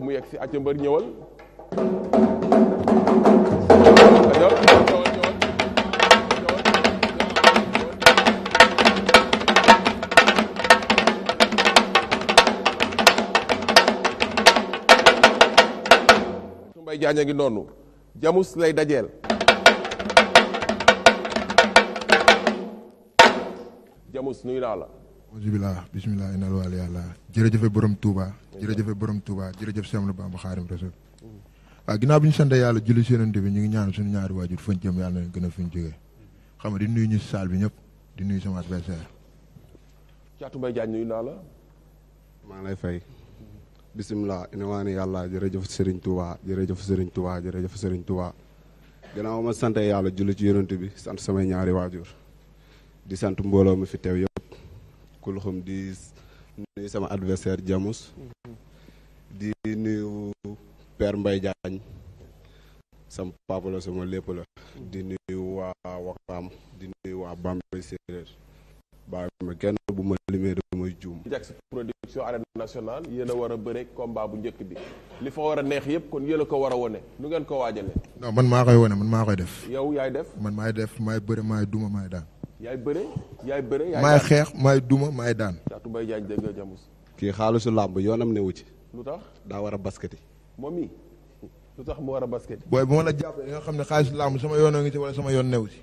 mu yegg si acca mbër ñëwal ngi noonu jamus lay dajeel jamus nuyu naa jubilaa bisimilah inal waal yàlla jërëjëfe borom Touba jërëjëfe borom Touba jërëjëf Seex Ahmadu Bamba Xaadimu Rasuul waaw ginnaaw bi ñu sant yàlla julli si bi ñu ngi ñaan suñu ñaari waajur fañ jëm yàlla na gën a fuñ jógee xam nga di nuyu ñu saal bi ñëpp di nuyu sama adversaire Caatu Mbay Jaañ nuyu naa la maa lay fay bisimilah ina waa yàlla jërëjëf Sëriñ Touba jërëjëf Sëriñ Touba jërëjëf Sëriñ Touba ginnaaw ma sant yàlla julli ci yonent bi sant samay ñaari waajur di sant mbooloo mi fi teew Kulxum di nuyu sama adversaire Jamus di nuyu Père Mbaye Diagne sama papa la sama lépp la di nuyu waa Wakaam di nuyu waa Bambey Séeréer bàyyi ma kenn bu ma limee damay juum Jax production arène nationale yéen a war a bëre combat bu njëkk bi li fa war a neex yëpp kon yéen a ko war wone nu ngeen ko waajale non man maa koy wone man maa koy def yow yaay def man maay def maay bëre maay duma maay daan yaay bëre yaay bëre maay xeex maay duma maay daan. Caatu Mbaye Diagne dégg nga jamus. kii xaalisu làmb yoonam newu ci. lu tax daa war a basketi. moom yi lu tax mu war a basketi. booy bu ma la jàppee nga xam ne xaalisu làmb sama yoon ngi ci wala sama yoon newu ci.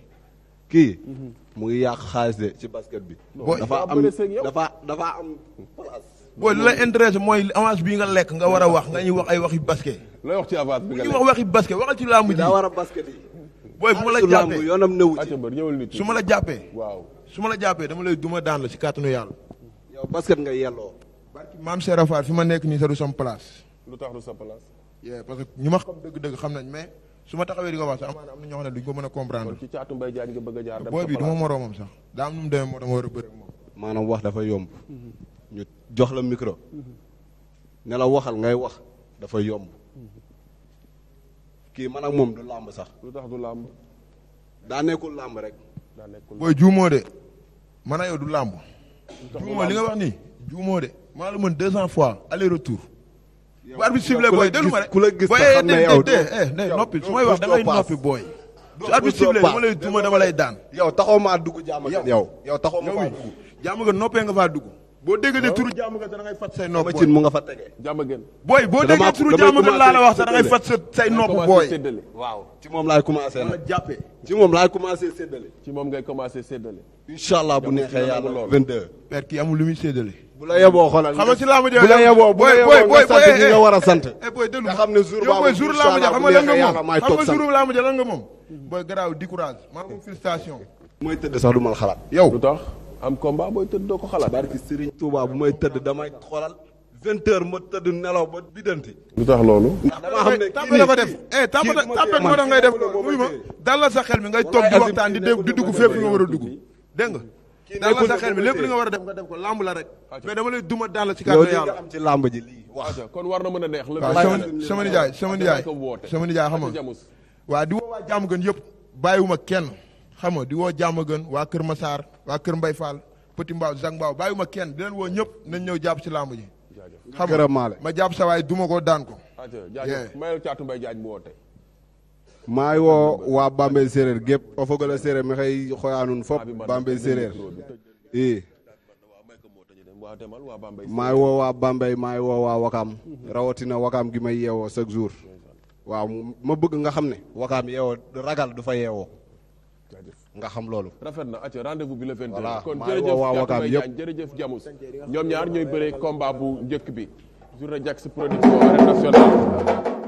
kii. Mhm. mu ngi yàq xaalis de ci basket bi. dafa am dafa dafa am place. booy li la intéressé mooy avance bii nga lekk nga war a wax nga ñuy wax ay waxi basket. looy wax ci avance bi nga lekk wax waxi basket waxal ci làmb ji a basket yi. booy bu ma la jàppee yoonam ma la jàppee. waaw su ma la jàppee dama lay duma daan la si kàttanu yàlla. yow basket nga yelloo. barki maam Serap Fall nekk nii sa du sam place. lu tax du sa place. parce que ñu xam dëgg-dëgg xam nañ mais su ma taxawee di ko wax sax am na ñoo xam ne duñ ko mën a a jaar. booy bi du ma moroomam sax daa am nu mu demee moo dama war a bëri moom. maanaam wax dafa yomb. ñu jox la micro. Mhm. ne la waxal ngay wax dafa yomb. kii man ak moom du làmb sax. lu tax du làmb. daa nekkul làmb rek. daa nekkul booy juumoo de man ak yow du làmb. juumoo li nga wax nii juumoo de. maa la mën deux cent fois aller retour. yow ku la gis ku la gis te xam de eh, eh, eh, noppi su may wax da ngay noppi booy. su arbitre sifflé dama lay duma dama lay daan. yow taxaw maa dugg jàmm yow. yow taxaw ma faa dugg jàmm nga noppee nga faa dugg. boo déggee turu jàmm nga da ngay fat say nopp booy mu nga fa tege. jàmm gën booy boo déggee turu jàmm nga laa la wax da ngay fat say nopp booy. waaw ci moom laay commencé nag. jàppee ci moom laay commencé séddale. ci moom ngay commencé séddale. incha allah bu neexee yàlla 22. père kii amul lu muy séddale. bu la yeboo xoolal xam nga ci laamu bu la yeboo bu la yeboo nga sant ñi nga eh, war a sant. Eh, nga xam ne jour baabu incha allah bu neexee yàlla maay toog sant xam nga jour laamu ja lan nga moom. booy garaaw décourage. maa ngi félicitation. mooy tëdd sax du mal xalaat yow lu tax am combat booy tëdd doo ko xalaat. barki Serigne Touba bu may tëdd damay xoolal. vingt heures ma tëdd nelaw ba bidanti. lu tax loolu. ndax damaa xam ne kii la fa def eh tàmpale tàmpale moo tax def sa xel mi ngay toog di waxtaan di dégg di dugg fépp nga war a dugg dégg nga. dalal sa xel mi lépp li nga war a def nga def ko làmb la rek. mais dama lay duma dàll ci kàddu yàlla am ci làmb ji lii. waaw kon war na mën a neex. sama nijaay sama nijaay sama nijaay xam nga waa di woo waa jàmm gën yëpp bàyyiwuma kenn xam nga di woo jàmm gën waa Kër Massar waa Kër Mbay Fall Petit Mbaaw Zang Mbaaw bàyyiwuma kenn di leen woo ñëpp nañ ñëw jàpp ci làmb ji. xam nga ma jàpp sa waay duma ko daan ko. Ah, jaajëf mayel caatu mbay jaaj maay woo waa Bambey séeréer gépp o foog la séeréer mi xëy xooyaanun fop Bambey séeréer i maay woo waa Bambey maay woo waa Wakaam rawatina Wakaam gi may yeewoo chaque jour waa ma bëgg nga xam ne Wakaam yeewoo ragal du fa yeewoo nga xam loolu. rafet na acca rendez-vous bi le 22. voilà kon jërëjëf Gàkku Mbaye jërëjëf Jamus ñoom ñaar ñooy bëree combat bu njëkk bi. journée Jax production arène nationale.